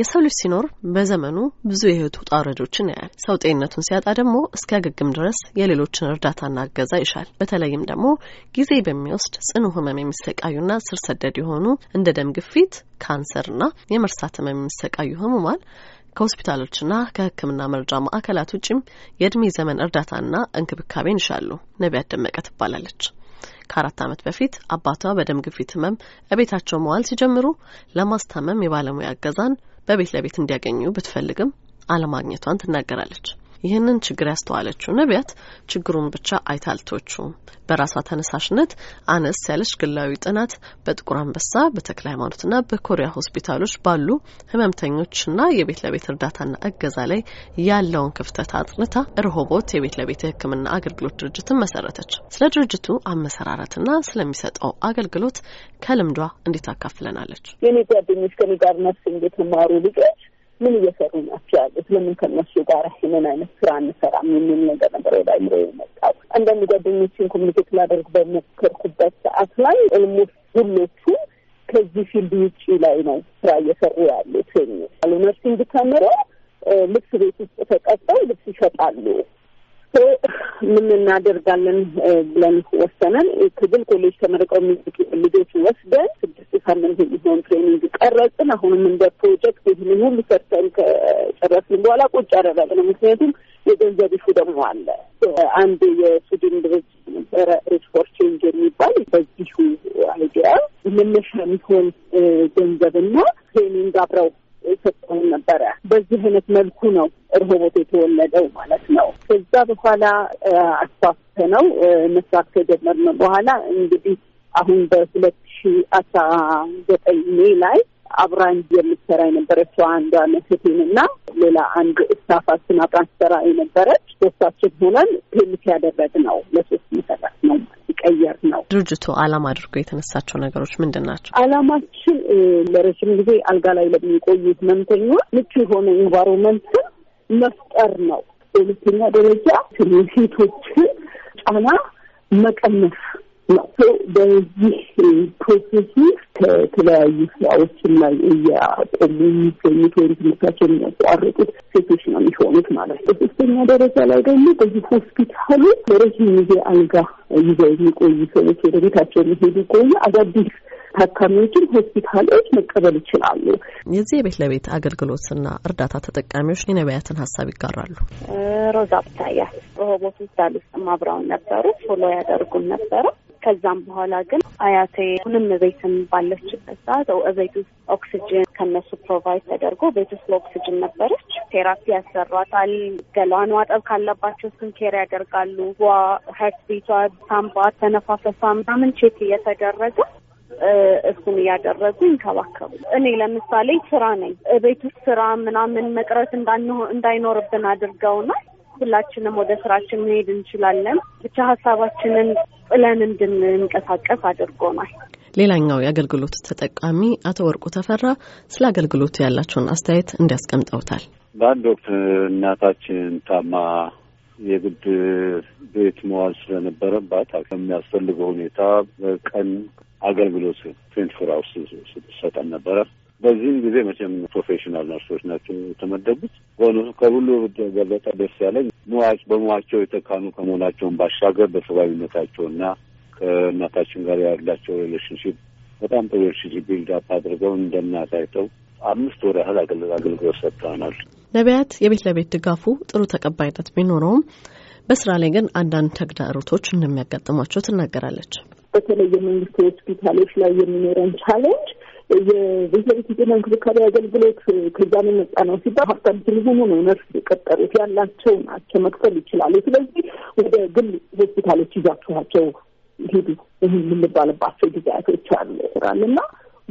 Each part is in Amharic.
የሰው ልጅ ሲኖር በዘመኑ ብዙ የህይወት ውጣ ውረዶችን ያያል። ሰው ጤንነቱን ሲያጣ ደግሞ እስኪያገግም ድረስ የሌሎችን እርዳታና እገዛ ይሻል። በተለይም ደግሞ ጊዜ በሚወስድ ጽኑ ህመም የሚሰቃዩና ስር ሰደድ የሆኑ እንደ ደም ግፊት፣ ካንሰርና የመርሳት ህመም የሚሰቃዩ ህሙማን ከሆስፒታሎችና ከህክምና መረጃ ማዕከላት ውጭም የእድሜ ዘመን እርዳታና እንክብካቤን ይሻሉ። ነቢያት ደመቀ ትባላለች። ከአራት ዓመት በፊት አባቷ በደም ግፊት ህመም እቤታቸው መዋል ሲጀምሩ ለማስታመም የባለሙያ እገዛን በቤት ለቤት እንዲያገኙ ብትፈልግም አለማግኘቷን ትናገራለች። ይህንን ችግር ያስተዋለችው ነቢያት ችግሩን ብቻ አይታልቶቹም። በራሷ ተነሳሽነት አነስ ያለች ግላዊ ጥናት በጥቁር አንበሳ በተክለ ሃይማኖትና በኮሪያ ሆስፒታሎች ባሉ ህመምተኞችና የቤት ለቤት እርዳታና እገዛ ላይ ያለውን ክፍተት አጥንታ ርሆቦት የቤት ለቤት የህክምና አገልግሎት ድርጅትን መሰረተች። ስለ ድርጅቱ አመሰራረትና ስለሚሰጠው አገልግሎት ከልምዷ እንዴት አካፍለናለች። የኔ ጓደኞች ከኔ ጋር ነፍስ እንደተማሩ ልጆች ምን እየሰሩ ናቸው ያሉት? ለምን ከነሱ ጋር ይሄንን አይነት ስራ እንሰራም የሚል ነገር ነበር ወደ አይምሮ የመጣው። አንዳንድ ጓደኞችን ኮሚኒኬት ላደርግ በሞከርኩበት ሰዓት ላይ ኦልሞስት ሁሎቹ ከዚህ ፊልድ ውጭ ላይ ነው ስራ እየሰሩ ያሉት የሚል ነርሲንግ ተምረው ልብስ ቤት ውስጥ ተቀጠው ልብስ ይሸጣሉ። ምን እናደርጋለን ብለን ወሰነን። ትግል ኮሌጅ ተመርቀው የሚመጡ ልጆች ወስደን ስድስት ሳምንት የሚሆን ትሬኒንግ ቀረጽን። አሁንም እንደ ፕሮጀክት ይህን ሁሉ ሰርተን ከጨረስን በኋላ ቁጭ አደረግን። ምክንያቱም የገንዘብ ይፉ ደግሞ አለ። አንድ የሱዲን ድርጅት ነበረ ሪች ፎር ቼንጅ የሚባል በዚሁ አይዲያ መነሻ የሚሆን ገንዘብና ትሬኒንግ አብረው ሰጠውን ነበረ። በዚህ አይነት መልኩ ነው ርሆቦት የተወለደው ማለት ነው። ከዛ በኋላ አስፋፍተ ነው መስራት ከጀመርነው በኋላ እንግዲህ አሁን በሁለት ሺ አስራ ዘጠኝ ሜይ ላይ አብራኝ የምትሰራ የነበረች አንዷ መስቴን እና ሌላ አንድ እስታፋችን አብራን ትሰራ የነበረች ሶስታችን ሆነን ፔልስ ያደረግ ነው ለሶስት መሰራት ነው ይቀየር ነው። ድርጅቱ አላማ አድርጎ የተነሳቸው ነገሮች ምንድን ናቸው? አላማችን ለረጅም ጊዜ አልጋ ላይ ለሚቆዩ ህመምተኞች ምቹ የሆነ ኢንቫይሮንመንትን መፍጠር ነው። በሁለተኛ ደረጃ የሴቶችን ጫና መቀነስ ነው። በዚህ ፕሮሴስ ውስጥ ከተለያዩ ስራዎችን ላይ እያቆሙ የሚገኙት ወይም ትምህርታቸውን የሚያቋርጡት ሴቶች ነው የሚሆኑት ማለት ነው። በሶስተኛ ደረጃ ላይ ደግሞ በዚህ ሆስፒታሉ በረዥም ጊዜ አልጋ ይዘው የሚቆዩ ሰዎች ወደ ቤታቸው የሚሄዱ ከሆነ አዳዲስ ታካሚዎችን ሆስፒታሎች መቀበል ይችላሉ። የዚህ የቤት ለቤት አገልግሎትና እርዳታ ተጠቃሚዎች የነቢያትን ሀሳብ ይጋራሉ። ሮዛ ብታያ ሆስፒታል ውስጥ አብረውን ነበሩ፣ ፎሎ ያደርጉን ነበረ። ከዛም በኋላ ግን አያቴ ሁንም ቤትም ባለችበት ሰዓት እቤት ውስጥ ኦክሲጅን ከነሱ ፕሮቫይድ ተደርጎ ቤት ውስጥ በኦክሲጅን ነበረች። ቴራፒ ያሰሯታል። ገላዋን ማጠብ ካለባቸው ስን ኬር ያደርጋሉ። ዋ ሀርት ቢቷ፣ ሳምባ፣ ተነፋፈሷ ምናምን ቼክ እየተደረገ እሱን እያደረጉ ይንከባከቡ። እኔ ለምሳሌ ስራ ነኝ። ቤት ውስጥ ስራ ምናምን መቅረት እንዳይኖርብን አድርገው አድርገውናል። ሁላችንም ወደ ስራችን መሄድ እንችላለን። ብቻ ሀሳባችንን ጥለን እንድንንቀሳቀስ አድርጎናል። ሌላኛው የአገልግሎት ተጠቃሚ አቶ ወርቁ ተፈራ ስለ አገልግሎቱ ያላቸውን አስተያየት እንዲያስቀምጠውታል። በአንድ ወቅት እናታችን ታማ የግድ ቤት መዋል ስለነበረባት ከሚያስፈልገው ሁኔታ በቀን አገልግሎት ትንት ፎር አወርስ ስትሰጠን ነበረ። በዚህም ጊዜ መቼም ፕሮፌሽናል ነርሶች ናቸው የተመደቡት። ሆኖ ከሁሉ በበለጠ ደስ ያለኝ በሙያቸው የተካኑ ከመሆናቸውን ባሻገር በሰብአዊነታቸው በሰብአዊነታቸውና ከእናታችን ጋር ያላቸው ሪሌሽንሽፕ በጣም ጥሩ ቢልድ አፕ አድርገው እንደናት አምስት ወር ያህል አገልግሎት ሰጥተናል። ነቢያት የቤት ለቤት ድጋፉ ጥሩ ተቀባይነት ቢኖረውም በስራ ላይ ግን አንዳንድ ተግዳሮቶች እንደሚያጋጥሟቸው ትናገራለች። በተለይ የመንግስት ሆስፒታሎች ላይ የሚኖረን ቻሌንጅ የቤተሰብ ጤና እንክብካቤ አገልግሎት ከዛ ነው የመጣ ነው ሲባል ሀብታም ስለሆኑ ነው ነርስ የቀጠሩት ያላቸው ናቸው፣ መክፈል ይችላሉ። ስለዚህ ወደ ግል ሆስፒታሎች ይዛችኋቸው ሄዱ የምንባልባቸው ጊዜያቶች አሉ ይራል እና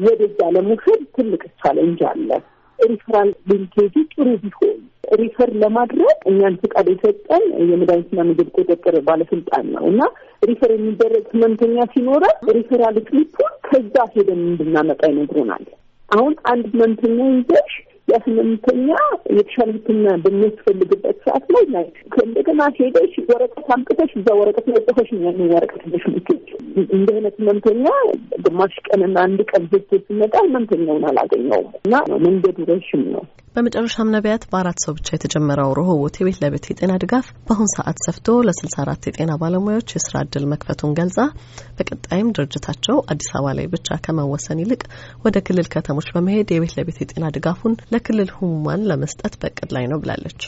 ወደዛ ለመውሰድ ትልቅ ቻሌንጅ አለ። ሪፈራል ሊንኬጅ ጥሩ ቢሆን ሪፈር ለማድረግ እኛን ፍቃድ የሰጠን የመድኃኒትና ምግብ ቁጥጥር ባለስልጣን ነው እና ሪፈር የሚደረግ ህመምተኛ ሲኖረ ሪፈራል ክሊፑን ከዛ ሄደን እንድናመጣ ይነግሩናል። አሁን አንድ ህመምተኛ ይዘሽ ያ ህመምተኛ የተሻለ ህክምና በሚያስፈልግበት ሰዓት ላይ ና ከእንደገና ሄደሽ ወረቀት አምጥተሽ እዛ ወረቀት ላይ ጽፈሽ ያንን ወረቀት ነሽ ምትች እንደ አይነት ህመምተኛ ግማሽ ቀንና አንድ ቀን ዘግቶ ሲመጣ ህመምተኛውን አላገኘውም እና መንገዱ ረሽም ነው። በመጨረሻም ነቢያት በአራት ሰው ብቻ የተጀመረው ሮሆቦት የቤት ለቤት የጤና ድጋፍ በአሁን ሰዓት ሰፍቶ ለ64 የጤና ባለሙያዎች የስራ እድል መክፈቱን ገልጻ በቀጣይም ድርጅታቸው አዲስ አበባ ላይ ብቻ ከመወሰን ይልቅ ወደ ክልል ከተሞች በመሄድ የቤት ለቤት የጤና ድጋፉን ለክልል ህሙማን ለመስጠት በቅድ ላይ ነው ብላለች።